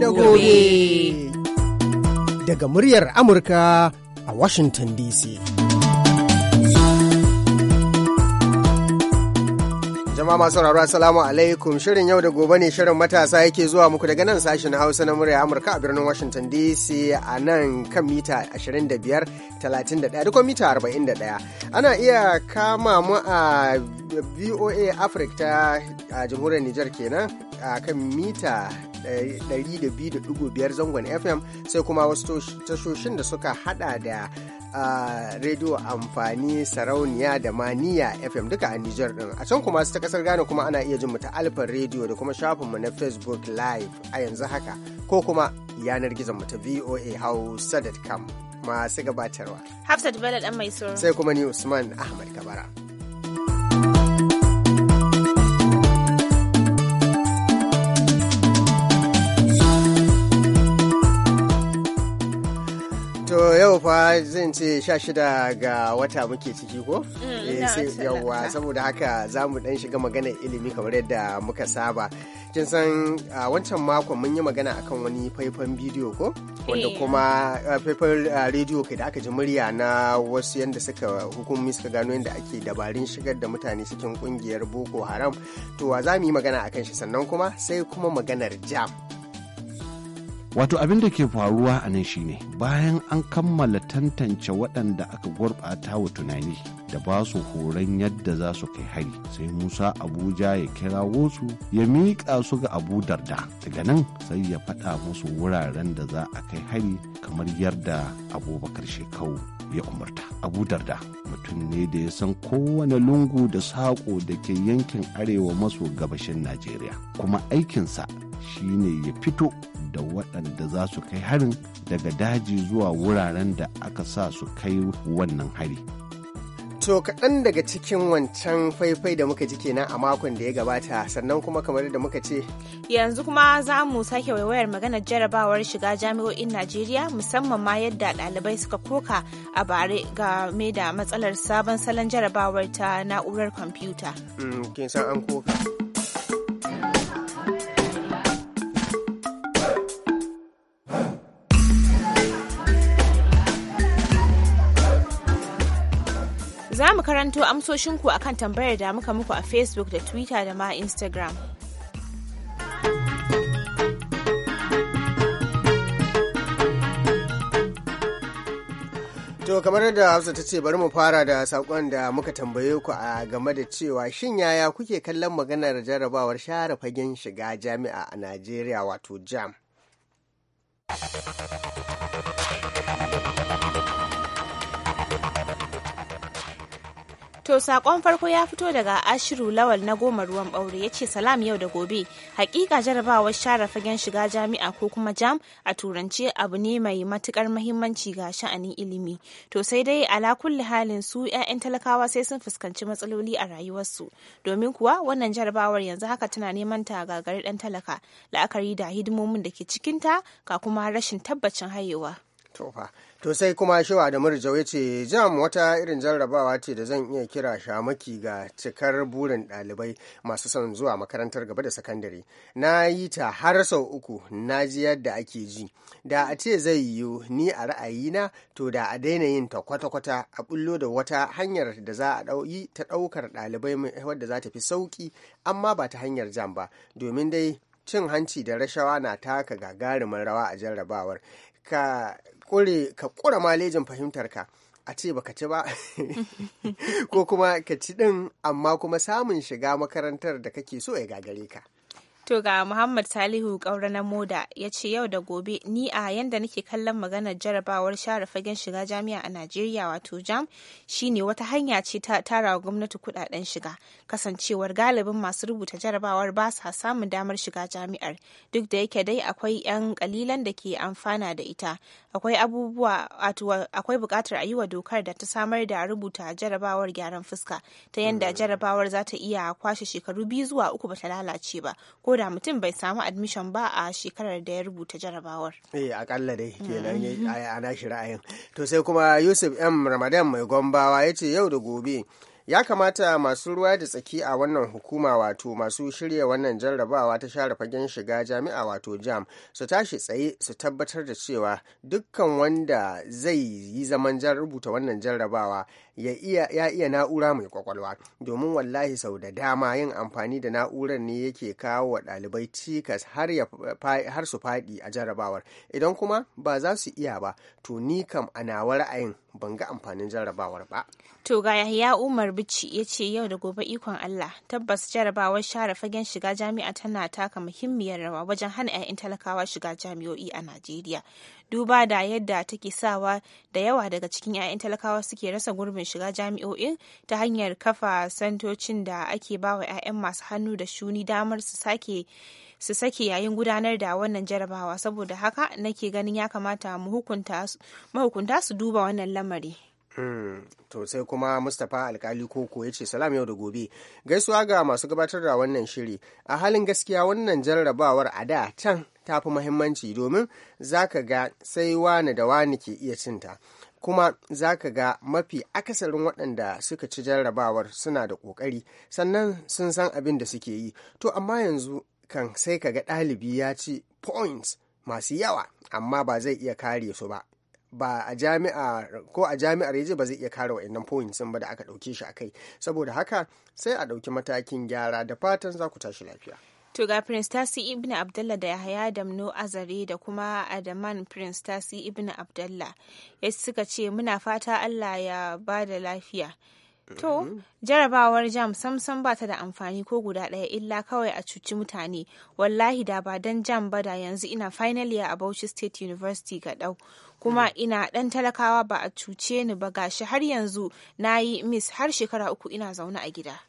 da gobe. Daga muryar Amurka a Washington DC. Jama'a masu rarwa salamu alaikum shirin yau da gobe ne shirin matasa yake zuwa muku daga nan sashen hausa na murya Amurka a birnin Washington DC a nan kan mita 25 31 da kuma mita 41. Ana iya kama mu a VOA Africa ta a jamhuriyar Nijar kenan a kan mita 102.5 zangon FM sai kuma wasu tashoshin da suka hada da rediyo amfani sarauniya da maniya fm duka a Nijar din a can kuma su ta kasar Ghana kuma ana iya jin mu ta alfar rediyo da kuma shafinmu na facebook live a yanzu haka ko kuma yanar gizon mu ta voa hausa.com masu gabatarwa hafsat bala dan mai sai kuma ni usman ahmad kabara yau fa zan ce sha shida ga wata muke ciki ko? Mm, eh, saboda haka za mu dan shiga magana ilimi kamar yadda muka saba. Kin san a wancan makon mun yi magana akan wani faifan bidiyo ko? Wanda eh. kuma faifan rediyo kai da aka ji murya na wasu yadda suka hukumomi suka gano yadda ake dabarun shigar da mutane cikin kungiyar Boko Haram. To za mu yi magana akan shi sannan kuma sai kuma maganar jam. wato abin da ke faruwa a nan shine bayan an kammala tantance waɗanda aka gurɓata wa tunani da ba su horon yadda za su kai hari sai musa abuja ya kira wasu ya miƙa su ga abu darda daga nan sai ya faɗa musu wuraren da za a kai hari kamar yadda abubakar shekau ya umarta abu darda mutum ne da ya san kowane lungu da saƙo da ke yankin arewa maso gabashin najeriya kuma aikinsa shine ya fito da waɗanda za su kai harin daga daji zuwa wuraren da aka sa su kai wannan hari To kaɗan daga cikin wancan faifai da muka ji kenan a makon da ya gabata sannan kuma kamar da muka ce. Yanzu kuma za mu sake waiwayar maganar jarabawar shiga jami'o'in Najeriya musamman ma yadda ɗalibai suka koka a bare game da matsalar sabon salon jarabawar ta na'urar kwamfuta. Mm, kin san an koka. Za mu karanto amsoshinku a kan tambayar da muka muku a Facebook da Twitter da ma Instagram. To kamar yadda Hafsa ta ce bari mu fara da saƙon da muka tambaye ku a game da cewa shin yaya kuke kallon maganar jarrabawar share fagen shiga jami'a a Najeriya wato jam. To sakon farko ya fito daga Ashiru Lawal na goma ruwan ɓaure ya ce salam yau da gobe. Hakika jarabawar share fagen shiga jami'a ko kuma jam a turance abu ne mai matukar mahimmanci ga sha'anin ilimi. To sai dai ala kulli halin su 'ya'yan talakawa sai sun fuskanci matsaloli a rayuwarsu. Domin kuwa wannan jarabawar yanzu haka tana neman ta gari dan talaka la'akari da hidimomin da ke cikinta ka kuma rashin tabbacin hayewa. tofa to sai kuma shiwa da murjau ya ce jam wata irin jarrabawa ce da zan iya kira shamaki ga cikar burin ɗalibai masu son zuwa makarantar gaba da sakandare na yi ta har sau uku na ji yadda ake ji da a ce zai yiwu ni a ra'ayina to da a daina yin ta kwata-kwata a bullo da wata hanyar da za a yi ta ɗaukar ɗalibai wadda za ta fi sauki amma ba ta hanyar jam ba domin dai cin hanci da rashawa na taka gagarumin rawa a jarrabawar ka kure ka kura malejin fahimtarka a ce baka ci ba ko kuma ka ci din amma kuma samun shiga makarantar da kake so ya gagare ka To ga Muhammad Salihu Kaura na Moda ya ce yau da gobe ni a yanda nake kallon maganar jarabawar share fagen shiga jami'a a Najeriya wato jam shine wata hanya ce ta tara wa gwamnati kudaden shiga kasancewar galibin masu rubuta jarabawar ba sa samun damar shiga jami'ar duk da yake dai akwai yan kalilan da ke amfana da ita akwai abubuwa akwai bukatar a yi wa dokar da ta samar da rubuta jarabawar gyaran fuska ta yanda mm. jarabawar za ta iya kwashe shekaru biyu zuwa uku ba ta lalace ba ko da mutum bai samu admission ba a shekarar da ya rubuta jarabawar eh akalla dai kenan mm. a nashi ra'ayin to sai kuma yusuf m ramadan mai gombawa ya ce yau da gobe ya kamata masu ruwa da tsaki a wannan hukuma wato masu shirya wannan jarrabawa ta share fagen shiga jami'a wato jam su tashi tsaye su tabbatar da cewa dukkan wanda zai yi zaman rubuta wannan jarrabawa ya iya ya iya na'ura mai kwakwalwa domin wallahi sau da dama yin amfani da na'urar ne yake kawo wa ɗalibai cikas har ya har su faɗi a jarabawar idan kuma ba za su iya ba to ni kam a nawa ra'ayin ban ga amfanin jarrabawar ba to ga yahya umar bici ya ce yau da gobe ikon allah tabbas jarabawar share fagen shiga jami'a tana taka muhimmiyar rawa wajen hana 'ya'yan talakawa shiga jami'o'i a najeriya duba da yadda take sawa da yawa daga cikin 'ya'yan talakawa suke rasa gurbin shiga jami'o'in ta hanyar kafa santocin da ake ba wa 'ya'yan masu hannu da shuni damar su sake su sake yayin gudanar da wannan jarabawa saboda haka nake ganin ya kamata mahukunta su duba wannan lamari Mm. to sai kuma mustapha alkali koko ya ce salam yau da gobe gaisuwa ga masu gabatar da wannan shiri a halin gaskiya wannan jarrabawar a da can ta fi muhimmanci domin za ka ga sai wani da wani ke iya cinta kuma za ka ga mafi akasarin waɗanda suka ci jarrabawar suna da ƙoƙari sannan sun san abin da suke yi to amma yanzu kan sai ka ga ɗalibi ya ci points masu yawa amma ba zai iya kare su ba ba a jami'a ko a jami'ar yaje ba zai iya kare wa'annan points ba da aka ɗauke shi a kai saboda haka sai a ɗauki matakin gyara da fatan za ku tashi lafiya To ga Prince Tasi Ibn Abdalla da Yahaya Damno Azare da kuma Adaman Prince Tasi Ibn Abdalla ya suka ce muna fata Allah ya ba da lafiya. To, mm-hmm. jarabawar jam samsam ba ta da amfani ko guda ɗaya illa kawai a cuci mutane. Wallahi da ba don jam ba da yanzu ina final year a Bauchi State University ga ɗau. kuma ina ɗan talakawa ba a cuce ni ba gashi har yanzu na yi miss har shekara uku ina zaune a gida.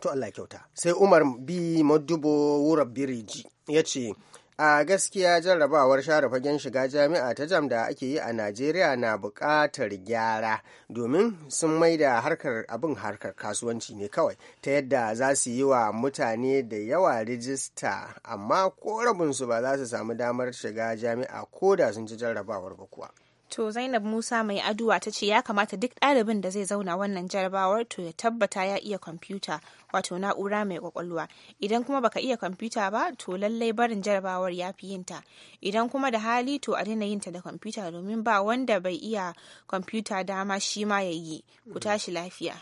To Allah kyauta. Sai Umar bi Madubo Wura Biriji ya ce, a gaskiya jarrabawar share fagen shiga jami'a ta jam da ake yi a najeriya na buƙatar gyara domin sun maida harkar abin harkar kasuwanci ne kawai ta yadda za su yi wa mutane da yawa rijista amma ko rabinsu ba za su samu damar shiga jami'a ko da sun ci jarrabawar ba kuwa To Zainab Musa mai aduwa ta ce ya kamata duk ɗalibin da zai zauna wannan jarabawar to ya tabbata ya iya kwamfuta wato na'ura mai kwakwalwa idan kuma baka iya kwamfuta ba to lallai barin jarabawar ya fi yinta idan kuma da hali to a daina yinta da kwamfuta domin ba wanda bai iya kwamfuta dama shi ma ya yi ku tashi lafiya.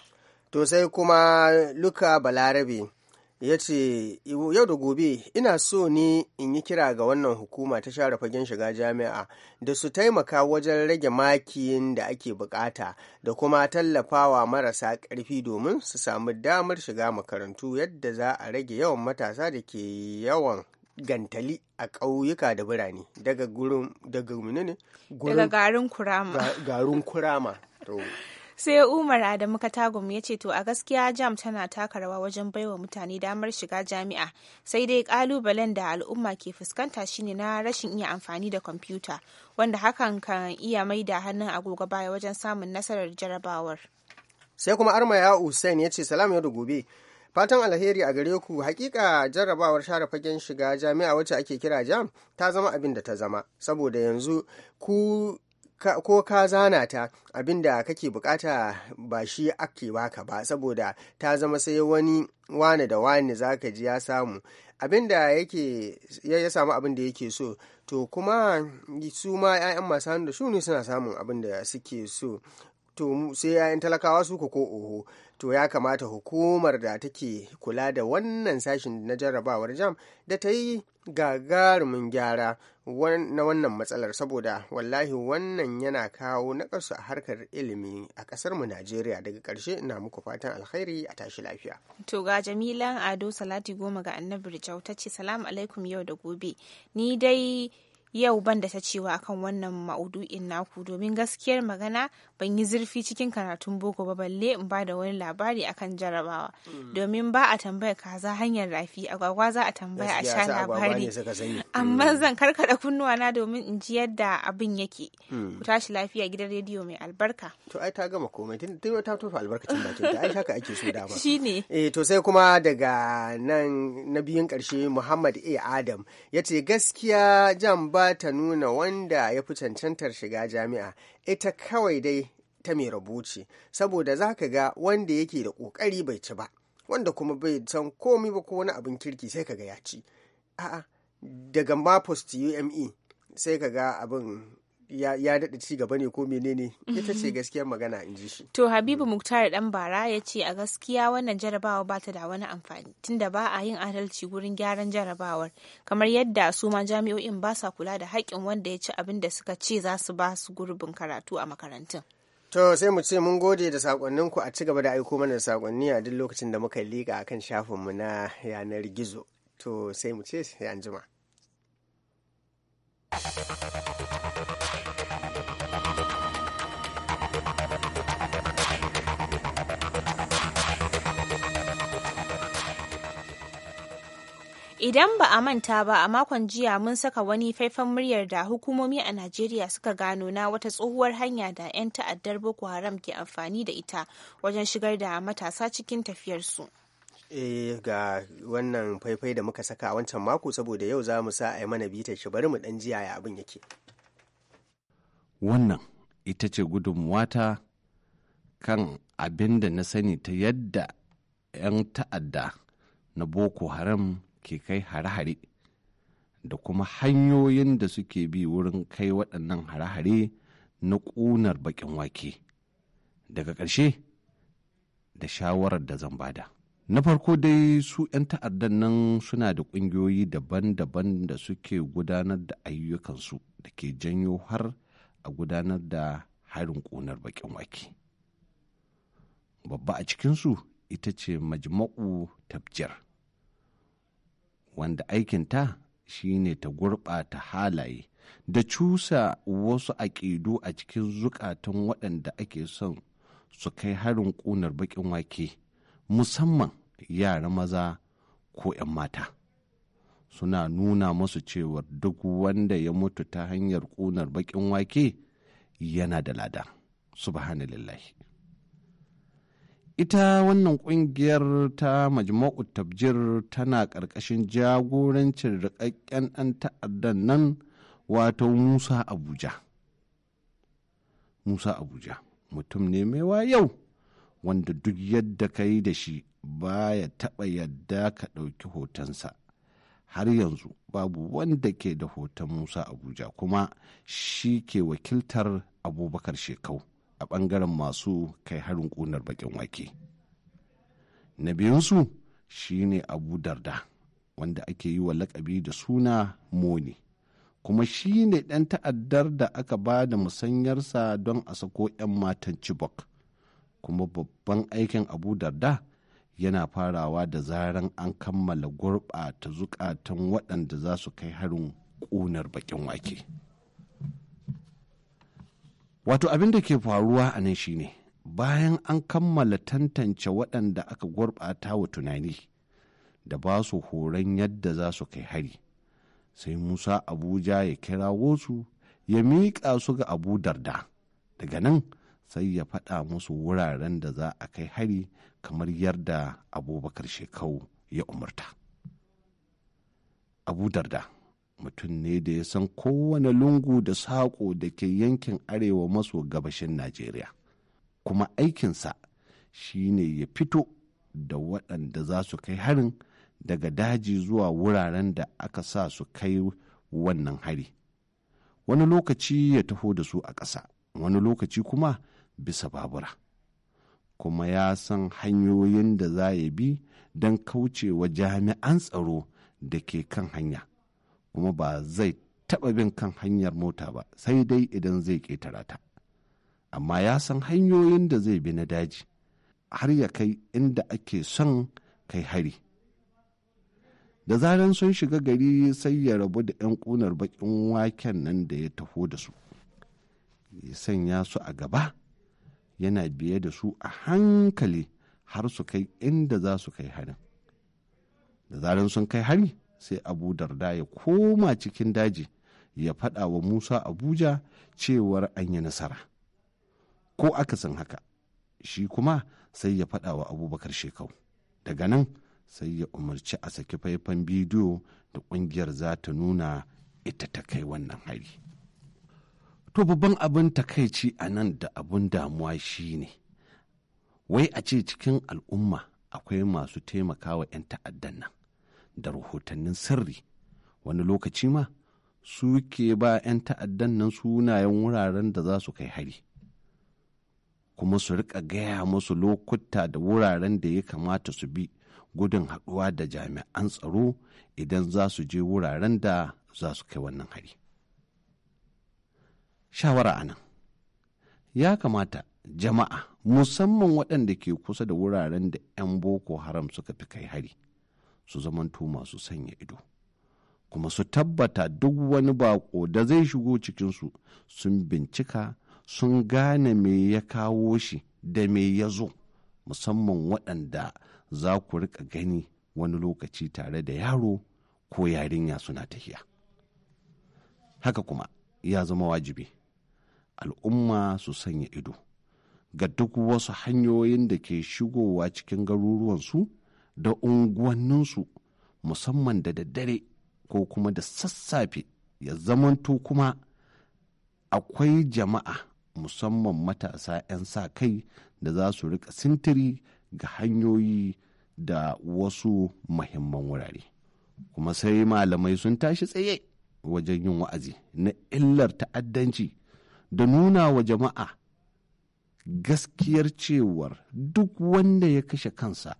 To sai kuma Luka Balarabe ya ce yau da gobe ina so ne in yi kira ga wannan hukuma ta share fagen shiga jami'a da su taimaka wajen rage makiyin da ake bukata da kuma tallafawa marasa karfi domin su samu damar shiga makarantu yadda za a rage yawan matasa da ke yawan gantali a ƙauyuka da birane daga garin kurama sai umar adamu katagum ya ce to a gaskiya jam tana taka rawa wajen baiwa mutane damar shiga jami'a sai dai kalubalen da al'umma ke fuskanta shine na rashin iya amfani da kwamfuta wanda hakan kan iya mai da hannun agogo baya wajen samun nasarar jarabawar sai kuma arma ya usain ya ce salam yau da gobe fatan alheri a gare ku hakika jarrabawar share fagen shiga jami'a wacce ake kira jam ta zama abin da ta zama saboda yanzu ku ko ka zana ta abinda kake bukata ba shi ake baka ba saboda ta zama sai wani wane da wane ka ji ya samu abinda yake ya samu abin yake so to kuma su ma 'ya'yan masu hannu da ne suna samun abin da suke so to sai 'ya'yan talakawa su ko oho to ya kamata hukumar da take kula da wannan sashin na jarrabawar jam da ta yi gagarumin gyara na wannan matsalar saboda wallahi wannan yana kawo naƙasu a harkar ilimi a kasar mu Najeriya daga karshe ina muku fatan alkhairi a tashi lafiya. To ga Jamila Ado Salati goma ga Annabi Rijau ta ce salamu alaikum yau da gobe. Ni dai yau ban da ta cewa akan wannan maudu'in naku domin gaskiyar magana ban yi zurfi cikin karatun boko ba balle in ba da wani labari akan jarabawa mm. domin ba a tambaya kaza hanyar rafi agwagwa za a tambaya a sha labari amma mm. zan karkada kunnuwa na domin in ji yadda abin yake mm. ku tashi lafiya gidan rediyo mai albarka to ai ta gama komai tun ta tofa albarkacin bakin ta ai haka ake so ba shine eh to sai kuma daga nan na biyun karshe Muhammad A Adam yace gaskiya jan ba ta nuna wanda ya fi cancantar shiga jami'a ita kawai dai ta mai rabuci saboda za ka ga wanda yake da ƙoƙari bai ci ba wanda kuma bai san komi ba ko wani abin kirki sai ka ga ya ci a'a daga ma post ume sai ka ga abin ya daɗa ci gaba ne ko menene ita ce gaskiyar magana in ji shi. To Habibu Muktar dan bara ya ce a gaskiya wannan jarabawa ba ta da wani amfani tunda ba a yin adalci gurin gyaran jarabawar kamar yadda su ma jami'o'in ba sa kula da haƙƙin wanda ya ci abin da suka ce za su ba su gurbin karatu a makarantun. To sai mu ce mun gode da sakonninku a ci gaba da aiko mana sakonni a duk lokacin da muka liƙa akan shafinmu na yanar gizo. To sai mu ce sai an Idan ba a manta ba a makon jiya mun saka wani faifan muryar da hukumomi a Najeriya suka gano na wata tsohuwar hanya da 'yan ta'addar Boko Haram ke amfani da ita wajen shigar da matasa cikin tafiyarsu. e ga wannan faifai da muka saka a wancan mako saboda yau za mu sa a yi mana bitar shi bari mu dan jiya ya abin yake wannan ita ce gudunmuwata kan abin da na sani ta yadda 'yan ta'adda na boko haram ke kai hare-hare da kuma hanyoyin da suke bi wurin kai waɗannan hare-hare na ƙunar baƙin wake daga ƙarshe da shawarar da zan bada na farko dai su 'yan ta'addan nan suna da ƙungiyoyi daban-daban da suke gudanar da ayyukansu da ke janyo har a gudanar da harin ƙunar baƙin wake babba a cikinsu ita ce majma'u tabjar wanda aikinta shi ne ta gurɓata halaye da cusa wasu aƙidu a cikin zukatan waɗanda ake son su kai harin ƙunar baƙin wake musamman yara maza ko 'yan mata suna nuna masu cewar duk wanda ya mutu ta hanyar ƙunar baƙin wake yana da lada subhanallahi ita wannan kungiyar ta majma'u tabjir tana ƙarƙashin jagorancin rikakken ɗan ta'addan nan wato musa abuja musa abuja mutum ne mai yau wanda duk yadda ka yi da shi ba ya taɓa yadda ka ɗauki hotonsa har yanzu babu wanda ke da hoton musa abuja kuma shi ke wakiltar abubakar shekau a ɓangaren masu kai harin ƙunar baƙin wake na biyunsu shine abu darda wanda ake yi wa lakabi da suna moni kuma shi ne ɗan ta'addar da aka ba da musanyarsa don a sako 'yan matan chibok kuma babban aikin abu darda yana farawa da zaran an kammala gurɓata zukatan waɗanda za su kai harin ƙunar baƙin wake. wato abin da ke faruwa a nan shine bayan an kammala tantance waɗanda aka gurɓata wa tunani da ba su horon yadda za su kai hari sai musa abuja ya kira su ya miƙa su ga abu darda daga nan sai ya faɗa musu wuraren da za a kai hari kamar yadda abubakar shekau ya umarta abu darda mutum ne da ya san kowane lungu da saƙo da ke yankin arewa maso gabashin najeriya kuma aikinsa shine ya fito da waɗanda za su kai harin daga daji zuwa wuraren da aka sa su kai wannan hari wani lokaci ya taho da su a ƙasa wani lokaci kuma bisa babura kuma ya san hanyoyin da za ya bi don kaucewa jami'an tsaro da ke kan hanya kuma ba zai taɓa bin kan hanyar mota ba sai dai idan zai ƙetara ta amma ya san hanyoyin da zai bi na daji har ya kai inda ake son kai hari da zaran sun shiga gari sai ya rabu da 'yan ƙunar baƙin waken nan da ya taho da su ya sanya su a gaba yana biye da su a hankali har su kai inda za su kai harin da zaran sun kai hari sai abu darda ya koma cikin daji ya faɗa wa musa abuja cewar an yi nasara ko aka san haka shi kuma sai ya faɗa wa abubakar shekau daga nan sai ya umarci a saki faifan bidiyo da ƙungiyar za ta nuna ita ta kai wannan hari to babban abin takaici a nan da abin damuwa shi ne wai a ce cikin al'umma akwai masu taimakawa 'yan ta'addan nan da rahotannin sirri wani lokaci ma su ke ba 'yan ta'addan nan sunayen wuraren da za su kai hari kuma su rika gaya musu lokuta da wuraren da ya kamata su bi gudun haɗuwa da jami'an tsaro idan za su je wuraren da za su kai wannan hari shawara a nan ya kamata jama'a musamman waɗanda ke kusa da wuraren da 'yan boko haram suka fi kai hari su zamanto masu sanya ido kuma su tabbata duk wani bako da zai shigo cikinsu sun bincika sun gane me ya kawo shi da me ya zo musamman waɗanda za ku rika gani wani lokaci tare da yaro ko yarinya suna tafiya haka kuma ya zama wajibi al'umma su sanya ido ga duk wasu hanyoyin da ke shigowa cikin garuruwansu da unguwanninsu musamman da daddare ko kuma da sassafe ya zamanto kuma akwai jama'a musamman matasa 'yan sa kai da za su rika sintiri ga hanyoyi da wasu mahimman wurare kuma sai malamai sun tashi tsaye wajen yin wa'azi na illar ta'addanci da nuna wa jama'a gaskiyar cewar duk wanda ya kashe kansa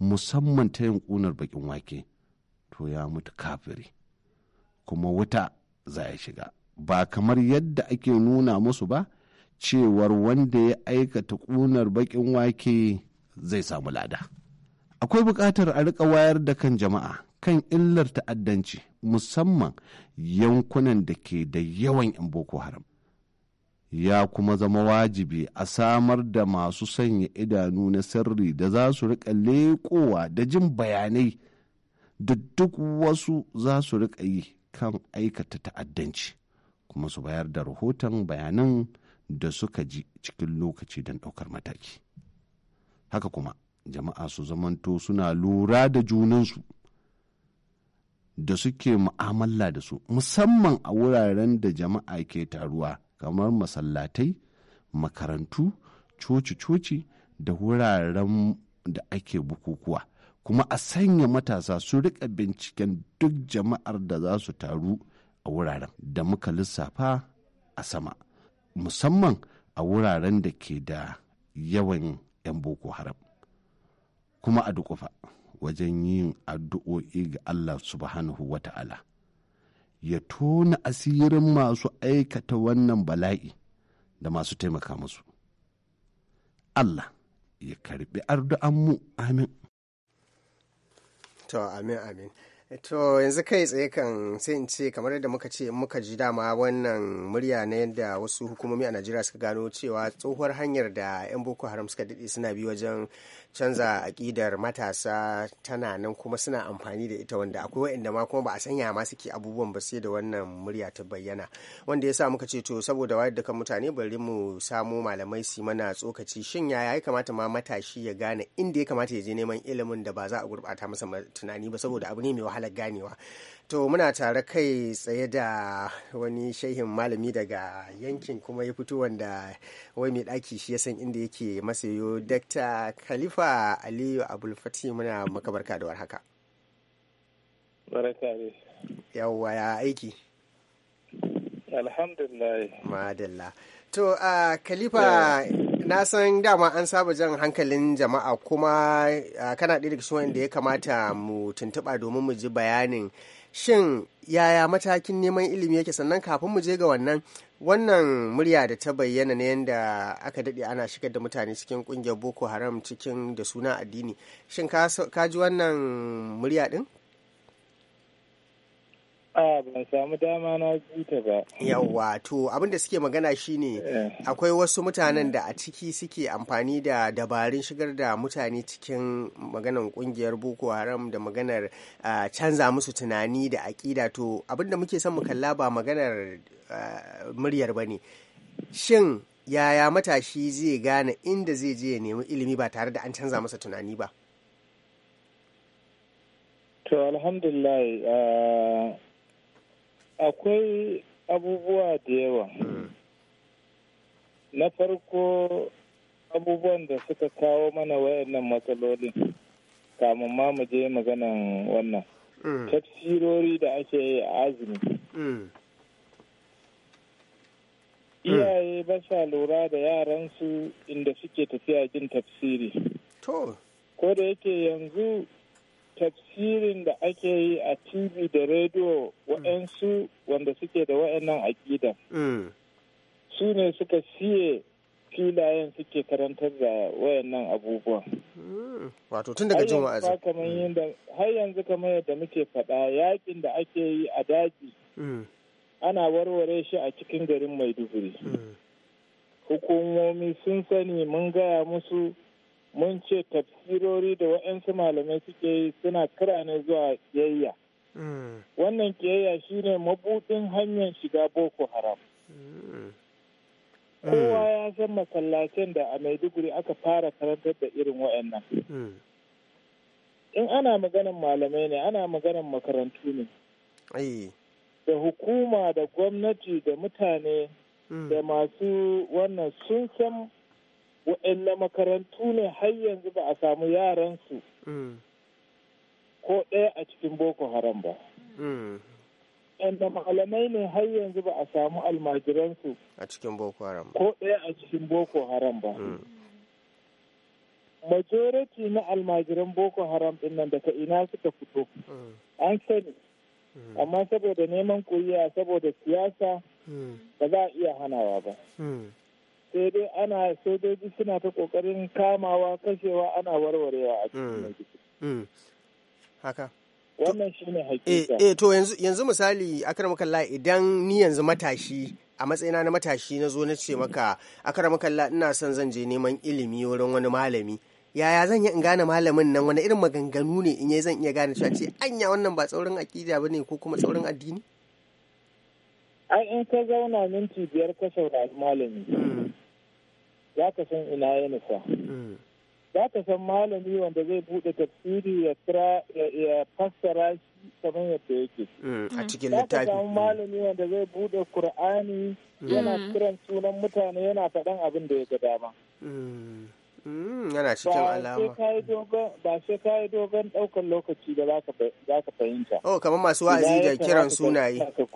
musamman ta yin ƙunar bakin wake to ya mutu kafiri kuma wuta za ya shiga ba kamar yadda ake nuna musu ba cewar wanda ya aikata ƙunar bakin wake zai samu lada akwai buƙatar a riƙa wayar da kan jama'a kan illar ta'addanci musamman yankunan da ke da yawan 'yan boko haram ya kuma zama wajibi a samar da masu sanya idanu na sirri da za su rika leƙowa da jin bayanai da duk wasu za su rika yi kan aikata ta'addanci kuma su bayar da rahoton bayanan da suka ji cikin lokaci don ɗaukar mataki haka kuma jama'a su zamanto suna lura da junansu da suke mu'amala da su musamman a wuraren da jama'a ke taruwa kamar masallatai makarantu coci-coci da wuraren da ake bukukuwa kuma a sanya matasa su rika binciken duk jama'ar da za su taru a wuraren da muka lissafa a sama musamman a wuraren da ke da yawan 'yan boko haram kuma a dukufa wajen yin addu'o'i ga allah subhanahu wa ta'ala ya tona asirin masu aikata wannan bala'i da masu taimaka musu. Allah ya karbi mu amin. To, amin, amin. To, yanzu kai tsaye kan sai in ce kamar yadda muka ce muka ji dama wannan murya na yadda wasu hukumomi a Najeriya suka gano cewa tsohuwar hanyar da 'yan Boko Haram suka daɗe suna bi wajen canza aƙidar matasa tana nan kuma suna amfani da ita wanda akwai waɗanda ma kuma ba a sanya ma suke abubuwan ba sai da wannan murya ta bayyana wanda ya sa muka ce to saboda wayar da kan mutane bari mu samo malamai su mana tsokaci shin ya ya kamata ma matashi ya gane inda ya kamata ya je neman ilimin da ba za a gurɓata masa tunani ba saboda abu ne mai wahalar ganewa To muna tare kai tsaye da wani shehin malami daga yankin kuma ya fito wanda wai mai ɗaki shi ya san inda yake masayo Dr. Khalifa Aliyu Abulfati muna makabarka da warhaka. Baraka Yawwa ya aiki. Alhamdulillah. Madalla. To a uh, Khalifa na san dama an saba jan hankalin jama'a kuma uh, kana ɗaya daga wanda ya kamata mu tuntuɓa domin mu ji bayanin shin yaya matakin neman ilimi yake sannan kafin mu je ga wannan wannan murya da ta bayyana ne yadda aka daɗe ana shigar da mutane cikin ƙungiyar boko haram cikin da suna addini shin ka ji wannan murya ɗin A ban samu dama na ta ba. Yawwa to abin da suke magana shine eh. akwai wasu mutanen da a ciki suke amfani da dabarun shigar da mutane cikin maganar kungiyar Boko Haram da maganar canza musu tunani da aƙida to abinda muke son mu kalla ba maganar muryar ba ne. Shin yaya matashi zai gane inda zai je ya nemi ilimi ba tare da an canza masa tunani ba? To alhamdulillah akwai abubuwa da yawa hmm. na farko abubuwan da suka kawo mana wayannan matsalolin kamun ma mu je maganan wannan hmm. tafsirori da ake yi a azumi hmm. iyaye ba sa lura da yaransu inda suke tafiya jin tafsiri ko da yake yanzu tafsirin da ake yi a TV da rediyo waɗansu wanda suke da wa'annan aƙidan. Mm. Su ne suka siye filayen suke karantar da waɗannan abubuwan. Mm. Wato tun daga jin wa'azi. Mm. Har yanzu kamar yadda muke faɗa yakin da ake yi a daji. Ana warware shi a cikin garin Maiduguri. Hukumomi sun sani mun gaya musu mun ce tafsirori da waɗansu malamai suke yi suna kira ne zuwa kiyayya. Mm. Wannan kiyayya shine mabuɗin hanyar shiga Boko Haram. Mm. Kowa mm. ya san masallacin da a Maiduguri aka fara karantar da irin waɗannan. In ana maganan malamai ne, ana maganan makarantu ne. Da hukuma da gwamnati da mutane da masu wannan sun san waɗanne makarantu ne har yanzu ba a samu yaransu mm. ko ɗaya a cikin boko haram ba mm. waɗanda malamai ne har yanzu ba a samu almajiransu a cikin boko haram ko ɗaya a cikin boko haram ba mm. majority na almajiran boko haram ɗin nan daga ina suka fito an sani amma saboda neman kuriya saboda siyasa ba za a iya hanawa ba sai dai ana sojoji suna ta kokarin kamawa kashewa ana warwarewa a cikin hmm. Hmm. haka wannan shi ne eh, hakika eh to yanzu misali akramakallah idan ni yanzu matashi a matsayina na matashi na zo na ce maka akramakallah ina son zan je neman ilimi wurin wani malami yaya zan yi in gane malamin nan wani irin maganganu ne in yi zan iya gane cewa ce anya wannan ba tsaurin akida ba ne ko kuma tsaurin addini? Ai in ka zauna minti biyar ka saurari malami. Hmm. za ka san ina ya nufa mm. za ka san malami wanda zai bude tafsiri ya kira ya fassara shi kamar yadda yake mm. a mm. cikin littafi za ka san malami wanda zai bude kur'ani yana kiran sunan mutane yana faɗan abin da ya ga dama Mm, yana cikin alama ba sai ka yi dogon daukan lokaci da za ka fahimta oh kamar masu wa'azi da kiran sunaye ka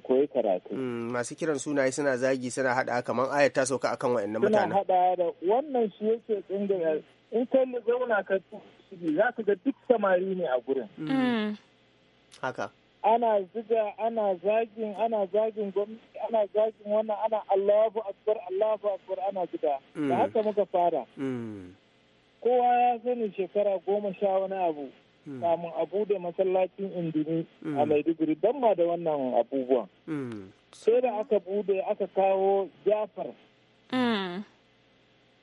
koyi karatu mm, masu kiran sunaye suna zagi suna hada kamar ayat ta sauka akan wa'annan mutane suna hada da wannan shi yake tsinga in kai zauna ka za ka ga duk samari ne a gurin mm. haka ana ziga ana zagin ana zagin gwamnati ana zagin wannan ana allahu akbar allahu akbar ana ziga da mm. haka muka fara mm. kowa ya sani shekara goma sha wani abu samun mm. abu da masallacin indini a maiduguri don ma da wannan abubuwan sai da aka bude aka kawo jafar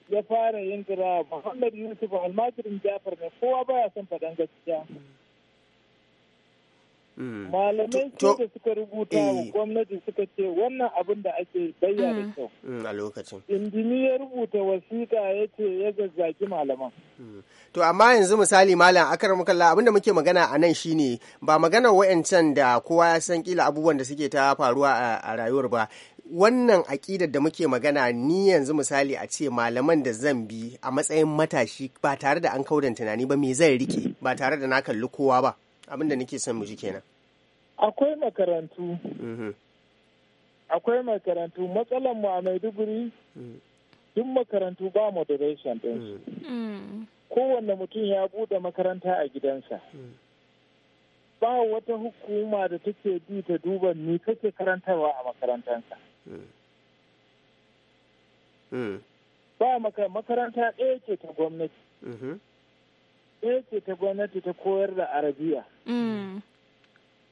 ya fara yin gira muhammad yusuf almajirin jafar ne kowa baya son faɗan gaskiya Mm. malamai su suka rubuta wa eh. gwamnati suka ce wannan abin da ake bayyana mm. kyau mm, a lokacin indimi ya rubuta wasiƙa ya ce ya zazzaki malaman to amma yanzu misali malam akar mukalla abin da muke magana a nan shine ba maganar wa'ancan da kowa ya san kila abubuwan da suke ta faruwa a rayuwar ba wannan aƙidar da muke magana ni yanzu misali a ce malaman da zan bi a matsayin matashi ba tare da an kaudan tunani ba me zai rike ba tare da na kalli kowa ba abinda nake son mu kenan akwai makarantu mhm. akwai makarantu matsalan mu a maiduguri mhm. duk makarantu ba moderation ɗinsu mm. kowanne mutum ya bude makaranta a gidansa mm. ba wata hukuma da take bi ta duba ni kake karantarwa a makarantansa mm. ba makaranta ɗaya ke ta gwamnati mhm. ɗaya ce ta gwamnati ta koyar da arabiya mm.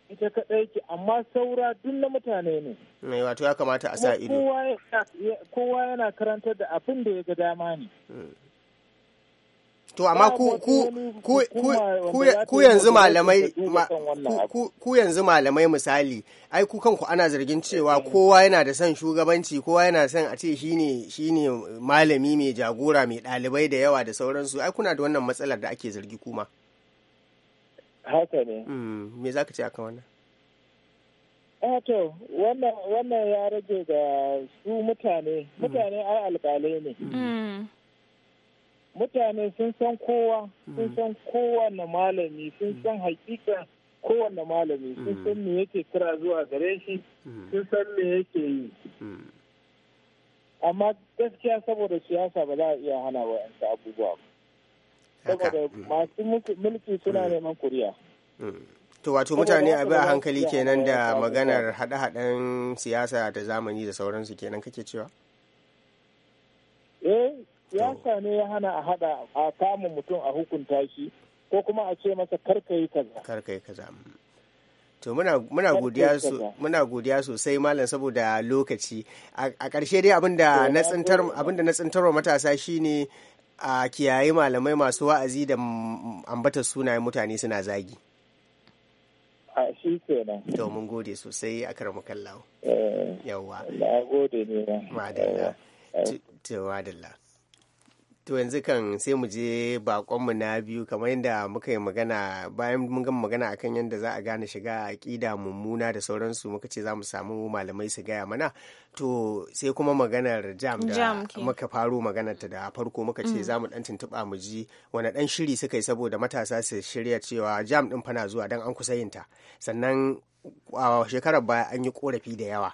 ita kaɗai ce amma saura duk na mutane ne mai wato ya kamata a sa ido kowa yana karantar da abin da ya ga dama ne mm. To amma ku yanzu malamai ku yanzu malamai misali ai ku kanku ana zargin cewa eh, eh. kowa yana da son shugabanci kowa yana son a ce shine shine malami mai jagora mai ɗalibai da yawa da sauransu ai kuna da wannan matsalar da ake zargi kuma. Haka ne. Hmm, me za ce akan wannan? to wannan ya rage ga su mutane mutane ai alkalai ne hmm. mutane sun san kowa sun hmm. san kowane malami sun hmm. san hakika kowane malami sun hmm. san me yake kira zuwa gare shi sun san me yake yi amma gaskiya saboda siyasa ba za a iya hana wa abubuwa saboda masu mulki suna neman kuriya to wato mutane a bi a hankali kenan da maganar haɗe-haɗen siyasa ta zamani da sauransu kenan kake cewa siyasa ne ya hana a hada a kama mutum a hukunta shi ko kuma a ce masa yi kaza yi kaza to muna godiya sosai malam saboda lokaci a ƙarshe dai abinda na tsintarwa matasa shine a kiyaye malamai masu wa'azi da ambata sunayen mutane suna zagi a shi gode sosai a karamu kallawo eh, yawwa na gode ne To yanzu kan sai mu je bakonmu na biyu kamar yadda muka yi magana bayan mun gama magana akan yadda za a gane shiga a aƙida mummuna da sauransu muka ce za mu samu malamai su gaya mana to sai kuma maganar jam da muka faro maganar ta da farko muka ce mm. za mu dan tuntuɓa mu ji wani dan shiri suka yi saboda matasa su shirya cewa jam din fana zuwa dan an kusa yin ta sannan a shekarar baya an yi korafi da yawa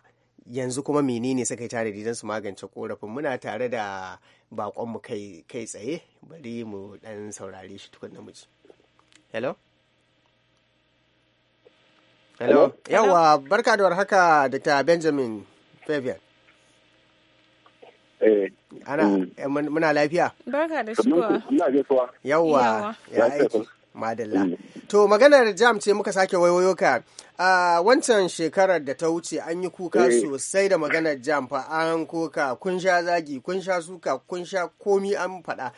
yanzu kuma menene suka yi tare don su magance korafin muna tare da baƙonmu kai tsaye bari mu dan saurare shi tukun namiji hello hello yawa barka da warhaka dr benjamin fabian eh, ana mm. eh, muna lafiya barka da shigowa yawa ya aiki madalla mm. to maganar jam ce muka sake wayoyo ka a wancan shekarar da ta wuce an yi kuka eh. sosai da maganar jam fa an koka kun sha zagi kun sha suka kun sha komi an faɗa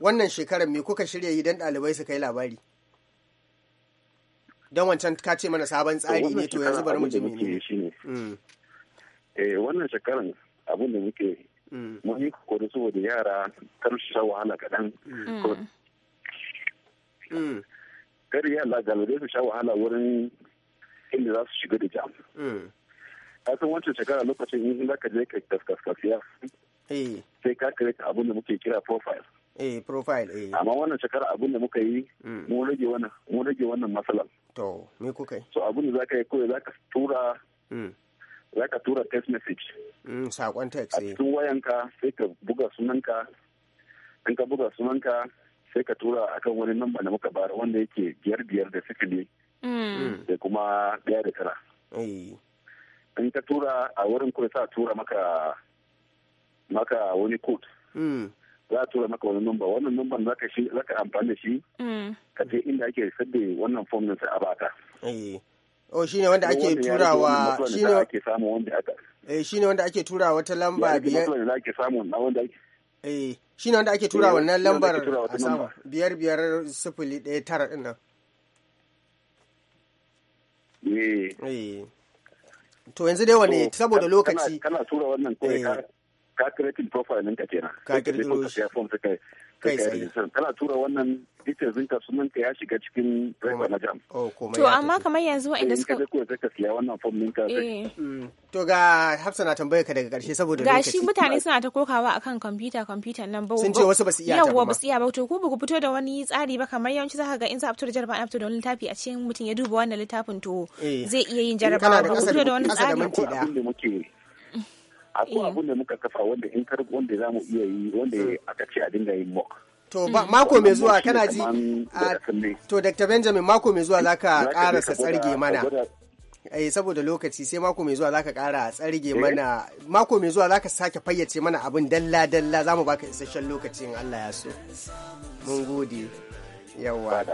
wannan shekarar me kuka shirya yi don ɗalibai su kai labari don wancan ka ce mana sabon tsari ne to yanzu bari mu ji mene mm. eh, wannan shekarar abin da muke mm. mun yi kokari saboda yara kar su sha wahala kaɗan Mm. kar yi Allah galibai su sha wahala wurin inda za su shiga da jam mm. a san wancan shekara lokacin yin za ka je ka kaskasiya eh. sai ka kare ka abin da muke kira profile eh profile eh amma wannan shekara abin da muka yi mm. mun rage wannan mun rage wannan matsalar to me kuka yi so abin da za ka yi ko ka tura za ka tura text message mm sakon text a eh. cikin wayanka sai ka buga sunanka in ka buga sunanka sai ka tura akan wani namba da muka bayar wanda yake biyar biyar da sifili hmm. hmm. da kuma ɗaya da tara oh. in ka tura a wurin kuma sa tura maka maka wani code hmm. za a tura maka wani numba wannan numban za ka amfani da shi ka je inda ake sadde wannan form din sai a baka oh. oh shine wanda ake turawa shine ake samu wanda aka eh shine wanda ake turawa ta lamba biyar wanda ake samu na wanda ake eh shi ne wanda ake tura eh, wannan lambar a sama biyar biyar sifili ɗaya tara ɗin nan eh. Eh. to yanzu dai wani saboda lokaci kana tura wannan kawai ka creating profile ɗinka kenan ka creating profile kai tsaye tana tura wannan details din ka sunan ya shiga cikin driver na jam oh, to amma kamar yanzu wa'inda eh, suka kai ko sai ka wannan form din eh. ka hmm. to ga Hafsa na tambaye ka daga karshe saboda lokaci gashi mutane suna ta kokawa akan kwamfuta kwamfuta nan ba sun ce wasu ba su iya ta ba su iya ba to ku ba ku fito da wani tsari ba kamar yawanci zaka ga in za a fito da jarabawa an fito da wani littafi a cikin mutum ya duba wannan littafin to eh. zai iya yin jarabawa ba ku fito da wani tsari akwai eh. abun da muka kafa wanda in karbi wanda za mu iya yi wanda hmm. aka ce a dinga yin mock To ba mako mai zuwa kana ji to Dr. Benjamin mako mai zuwa zaka karasa tsarge mana. Eh saboda lokaci sai mako mai zuwa zaka kara tsarge eh. mana mako mai zuwa zaka sake fayyace mana abin dalla dalla zamu baka isasshen lokacin Allah ya so. Mun gode. yawa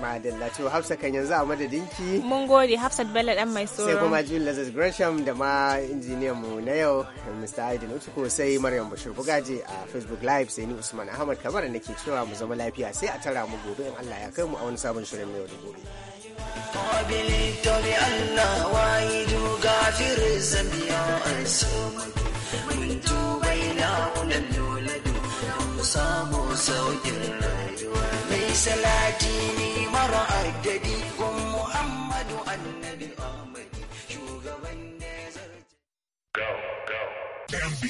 madalla to hafsa kan yanzu a madadinki mun gode hafsat bello dan mai tsoro sai kuma jule lazis gresham da ma injiniyan mu na yau mr aidin utuko sai maryam bashir bugaje a facebook live sai ni usman ahmad kamar nake cewa mu zama lafiya sai a tara mu gobe in allah ya kai mu a wani sabon shirin na yau da gobe samu saukin rayuwa mai salati ne mara addadi kun muhammadu annabi ahmadi shugaban ne zarce